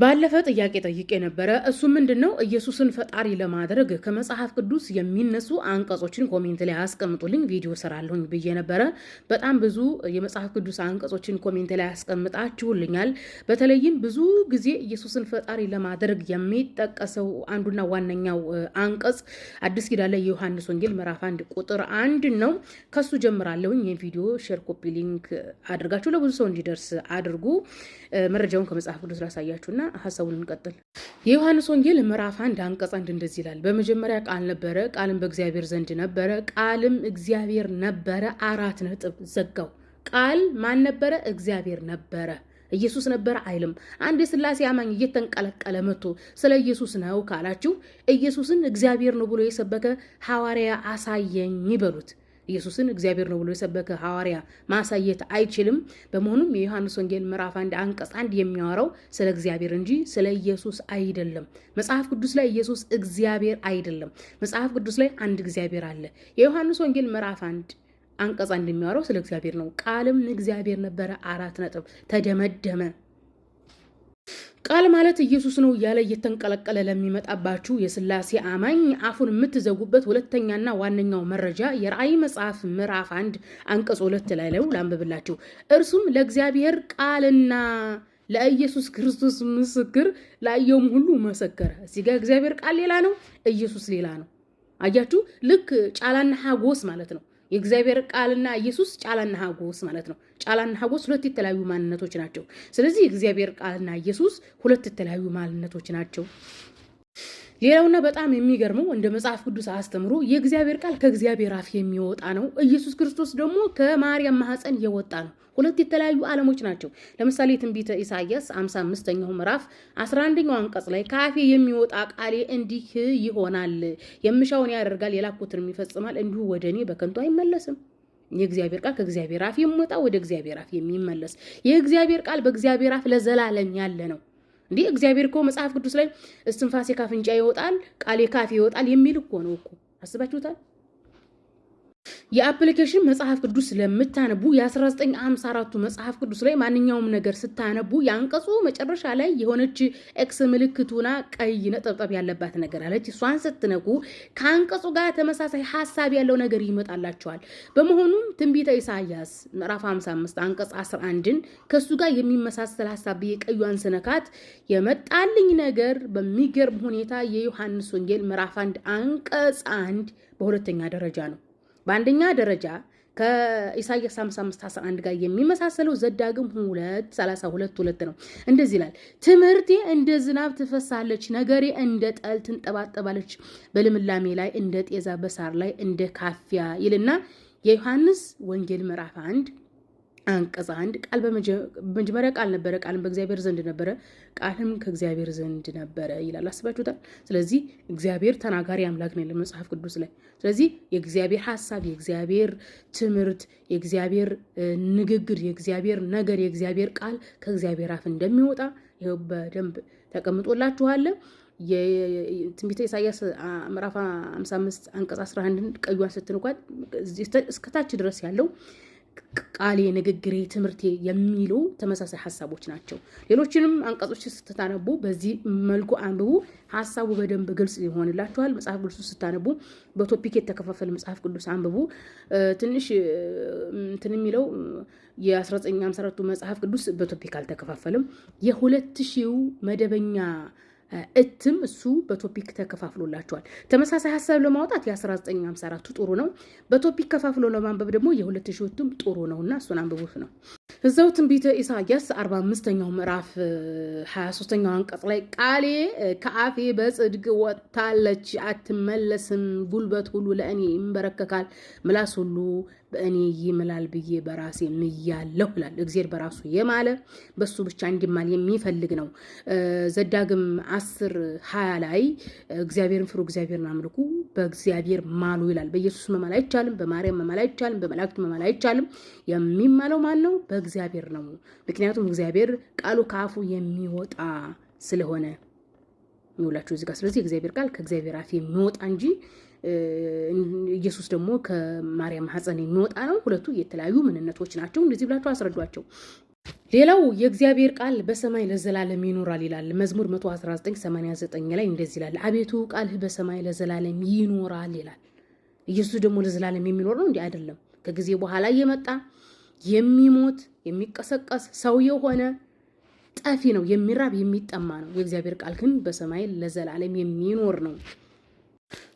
ባለፈ ጥያቄ ጠይቄ የነበረ እሱ ምንድን ነው ኢየሱስን ፈጣሪ ለማድረግ ከመጽሐፍ ቅዱስ የሚነሱ አንቀጾችን ኮሜንት ላይ አስቀምጡልኝ ቪዲዮ ሰራለሁኝ ብዬ ነበረ። በጣም ብዙ የመጽሐፍ ቅዱስ አንቀጾችን ኮሜንት ላይ አስቀምጣችሁልኛል። በተለይም ብዙ ጊዜ ኢየሱስን ፈጣሪ ለማድረግ የሚጠቀሰው አንዱና ዋነኛው አንቀጽ አዲስ ኪዳን ላይ የዮሐንስ ወንጌል ምዕራፍ አንድ ቁጥር አንድ ነው። ከሱ ጀምራለሁኝ። ይህ ቪዲዮ ሼር፣ ኮፒ ሊንክ አድርጋችሁ ለብዙ ሰው እንዲደርስ አድርጉ። መረጃውን ከመጽሐፍ ቅዱስ ላሳያችሁና እና ሀሳቡን እንቀጥል። የዮሐንስ ወንጌል ምዕራፍ አንድ አንቀጽ አንድ እንደዚህ ይላል፣ በመጀመሪያ ቃል ነበረ፣ ቃልም በእግዚአብሔር ዘንድ ነበረ፣ ቃልም እግዚአብሔር ነበረ። አራት ነጥብ ዘጋው። ቃል ማን ነበረ? እግዚአብሔር ነበረ። ኢየሱስ ነበረ አይልም። አንድ የስላሴ አማኝ እየተንቀለቀለ መጥቶ ስለ ኢየሱስ ነው ካላችሁ ኢየሱስን እግዚአብሔር ነው ብሎ የሰበከ ሐዋርያ አሳየኝ ይበሉት። ኢየሱስን እግዚአብሔር ነው ብሎ የሰበከ ሐዋርያ ማሳየት አይችልም። በመሆኑም የዮሐንስ ወንጌል ምዕራፍ አንድ አንቀጽ አንድ የሚያወራው ስለ እግዚአብሔር እንጂ ስለ ኢየሱስ አይደለም። መጽሐፍ ቅዱስ ላይ ኢየሱስ እግዚአብሔር አይደለም። መጽሐፍ ቅዱስ ላይ አንድ እግዚአብሔር አለ። የዮሐንስ ወንጌል ምዕራፍ አንድ አንቀጽ አንድ የሚያወራው ስለ እግዚአብሔር ነው። ቃልም እግዚአብሔር ነበረ አራት ነጥብ ተደመደመ ቃል ማለት ኢየሱስ ነው እያለ እየተንቀለቀለ ለሚመጣባችሁ የስላሴ አማኝ አፉን የምትዘጉበት ሁለተኛና ዋነኛው መረጃ የራእይ መጽሐፍ ምዕራፍ አንድ አንቀጽ ሁለት ላይ ለው ላንብብላችሁ። እርሱም ለእግዚአብሔር ቃልና ለኢየሱስ ክርስቶስ ምስክር ላየውም ሁሉ መሰከረ። እዚህ ጋር እግዚአብሔር ቃል ሌላ ነው፣ ኢየሱስ ሌላ ነው። አያችሁ፣ ልክ ጫላና ሀጎስ ማለት ነው። የእግዚአብሔር ቃልና ኢየሱስ ጫላና ሀጎስ ማለት ነው። ጫላና ሀጎስ ሁለት የተለያዩ ማንነቶች ናቸው። ስለዚህ የእግዚአብሔር ቃልና ኢየሱስ ሁለት የተለያዩ ማንነቶች ናቸው። ሌላውና በጣም የሚገርመው እንደ መጽሐፍ ቅዱስ አስተምሮ የእግዚአብሔር ቃል ከእግዚአብሔር አፍ የሚወጣ ነው። ኢየሱስ ክርስቶስ ደግሞ ከማርያም ማህፀን የወጣ ነው። ሁለት የተለያዩ ዓለሞች ናቸው። ለምሳሌ ትንቢተ ኢሳያስ 55ኛው ምዕራፍ 11ኛው አንቀጽ ላይ ከአፌ የሚወጣ ቃሌ እንዲህ ይሆናል፣ የምሻውን ያደርጋል፣ የላኩትንም ይፈጽማል፣ እንዲሁ ወደ እኔ በከንቱ አይመለስም። የእግዚአብሔር ቃል ከእግዚአብሔር አፍ የሚወጣ ወደ እግዚአብሔር አፍ የሚመለስ የእግዚአብሔር ቃል በእግዚአብሔር አፍ ለዘላለም ያለ ነው። እንዲህ እግዚአብሔር እኮ መጽሐፍ ቅዱስ ላይ እስትንፋሴ ካፍንጫ ይወጣል፣ ቃሌ ካፌ ይወጣል የሚል እኮ ነው እኮ አስባችሁታል። የአፕሊኬሽን መጽሐፍ ቅዱስ ለምታነቡ የ1954ቱ መጽሐፍ ቅዱስ ላይ ማንኛውም ነገር ስታነቡ የአንቀጹ መጨረሻ ላይ የሆነች ኤክስ ምልክቱና ቀይ ነጠብጠብ ያለባት ነገር አለች። እሷን ስትነኩ ከአንቀጹ ጋር ተመሳሳይ ሀሳብ ያለው ነገር ይመጣላቸዋል። በመሆኑም ትንቢተ ኢሳያስ ምዕራፍ 55 አንቀጽ 11ን ከእሱ ጋር የሚመሳሰል ሀሳብ ብዬ ቀዩን ስነካት የመጣልኝ ነገር በሚገርም ሁኔታ የዮሐንስ ወንጌል ምዕራፍ 1 አንቀጽ 1 በሁለተኛ ደረጃ ነው። በአንደኛ ደረጃ ከኢሳያስ 55 11 ጋር የሚመሳሰለው ዘዳግም 2 32 2 ነው። እንደዚህ ይላል፣ ትምህርቴ እንደ ዝናብ ትፈሳለች፣ ነገሬ እንደ ጠል ትንጠባጠባለች፣ በልምላሜ ላይ እንደ ጤዛ፣ በሳር ላይ እንደ ካፊያ ይልና የዮሐንስ ወንጌል ምዕራፍ 1 አንቀጽ አንድ ቃል በመጀመሪያ ቃል ነበረ፣ ቃልም በእግዚአብሔር ዘንድ ነበረ፣ ቃልም ከእግዚአብሔር ዘንድ ነበረ ይላል። አስባችሁታል? ስለዚህ እግዚአብሔር ተናጋሪ አምላክ ነው መጽሐፍ ቅዱስ ላይ። ስለዚህ የእግዚአብሔር ሀሳብ፣ የእግዚአብሔር ትምህርት፣ የእግዚአብሔር ንግግር፣ የእግዚአብሔር ነገር፣ የእግዚአብሔር ቃል ከእግዚአብሔር አፍ እንደሚወጣ ይኸው በደንብ ተቀምጦላችኋለ። የትንቢተ ኢሳያስ ምዕራፍ 55 አንቀጽ 11 ቀዩን ስትንኳት እስከታች ድረስ ያለው ቃሌ፣ ንግግሬ፣ ትምህርቴ የሚሉ ተመሳሳይ ሀሳቦች ናቸው። ሌሎችንም አንቀጾች ስታነቡ በዚህ መልኩ አንብቡ። ሀሳቡ በደንብ ግልጽ ይሆንላችኋል። መጽሐፍ ቅዱስ ስታነቡ በቶፒክ የተከፋፈለ መጽሐፍ ቅዱስ አንብቡ። ትንሽ እንትን የሚለው የ1954ቱ መጽሐፍ ቅዱስ በቶፒክ አልተከፋፈልም። የሁለት ሺው መደበኛ እትም እሱ በቶፒክ ተከፋፍሎላቸዋል። ተመሳሳይ ሀሳብ ለማውጣት የ1954 ጥሩ ነው። በቶፒክ ከፋፍሎ ለማንበብ ደግሞ የ2000 እትም ጥሩ ነው እና እሱን አንብቡት ነው። እዛው ትንቢተ ኢሳያስ 45ኛው ምዕራፍ 23ኛው አንቀጽ ላይ ቃሌ ከአፌ በጽድቅ ወጥታለች፣ አትመለስም። ጉልበት ሁሉ ለእኔ ይንበረከካል፣ ምላስ ሁሉ በእኔ ይምላል ብዬ በራሴ ምያለሁ ይላል። እግዚአብሔር በራሱ የማለ በሱ ብቻ እንዲማል የሚፈልግ ነው። ዘዳግም 10 20 ላይ እግዚአብሔርን ፍሩ፣ እግዚአብሔርን አምልኩ፣ በእግዚአብሔር ማሉ ይላል። በኢየሱስ መማል አይቻልም፣ በማርያም መማል አይቻልም፣ በመላእክት መማል አይቻልም። የሚማለው ማን ነው? ከእግዚአብሔር ነው። ምክንያቱም እግዚአብሔር ቃሉ ከአፉ የሚወጣ ስለሆነ ይውላችሁ እዚህ ጋር። ስለዚህ የእግዚአብሔር ቃል ከእግዚአብሔር አፍ የሚወጣ እንጂ ኢየሱስ ደግሞ ከማርያም ማህፀን የሚወጣ ነው። ሁለቱ የተለያዩ ምንነቶች ናቸው። እንደዚህ ብላችሁ አስረዷቸው። ሌላው የእግዚአብሔር ቃል በሰማይ ለዘላለም ይኖራል ይላል። መዝሙር 119:89 ላይ እንደዚህ ይላል፣ አቤቱ ቃልህ በሰማይ ለዘላለም ይኖራል ይላል። ኢየሱስ ደግሞ ለዘላለም የሚኖር ነው እንዲህ አይደለም። ከጊዜ በኋላ እየመጣ የሚሞት የሚቀሰቀስ ሰው የሆነ ጠፊ ነው፣ የሚራብ የሚጠማ ነው። የእግዚአብሔር ቃል ግን በሰማይ ለዘላለም የሚኖር ነው።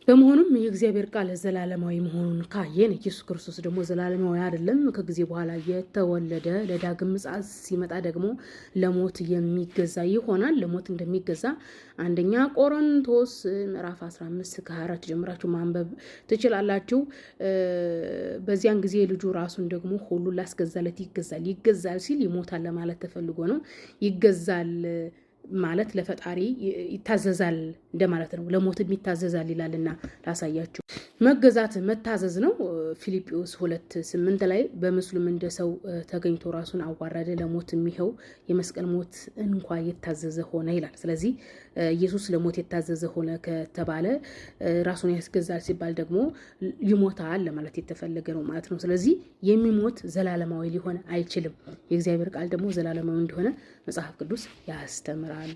በመሆኑም የእግዚአብሔር ቃል ዘላለማዊ መሆኑን ካየን ኢየሱስ ክርስቶስ ደግሞ ዘላለማዊ አይደለም፣ ከጊዜ በኋላ የተወለደ ለዳግም ምጽአት ሲመጣ ደግሞ ለሞት የሚገዛ ይሆናል። ለሞት እንደሚገዛ አንደኛ ቆሮንቶስ ምዕራፍ 15 ከ ጀምራችሁ ማንበብ ትችላላችሁ። በዚያን ጊዜ ልጁ ራሱን ደግሞ ሁሉ ላስገዛለት ይገዛል። ይገዛል ሲል ይሞታል ለማለት ተፈልጎ ነው። ይገዛል ማለት ለፈጣሪ ይታዘዛል እንደማለት ነው። ለሞትም ይታዘዛል ይላልና ላሳያችሁ። መገዛት መታዘዝ ነው። ፊልጵዎስ ሁለት ስምንት ላይ በምስሉም እንደ ሰው ተገኝቶ ራሱን አዋረደ፣ ለሞት የሚኸው የመስቀል ሞት እንኳ የታዘዘ ሆነ ይላል። ስለዚህ ኢየሱስ ለሞት የታዘዘ ሆነ ከተባለ ራሱን ያስገዛል ሲባል ደግሞ ይሞታል ለማለት የተፈለገ ነው ማለት ነው። ስለዚህ የሚሞት ዘላለማዊ ሊሆን አይችልም። የእግዚአብሔር ቃል ደግሞ ዘላለማዊ እንደሆነ መጽሐፍ ቅዱስ ያስተምራል። ይኖራል።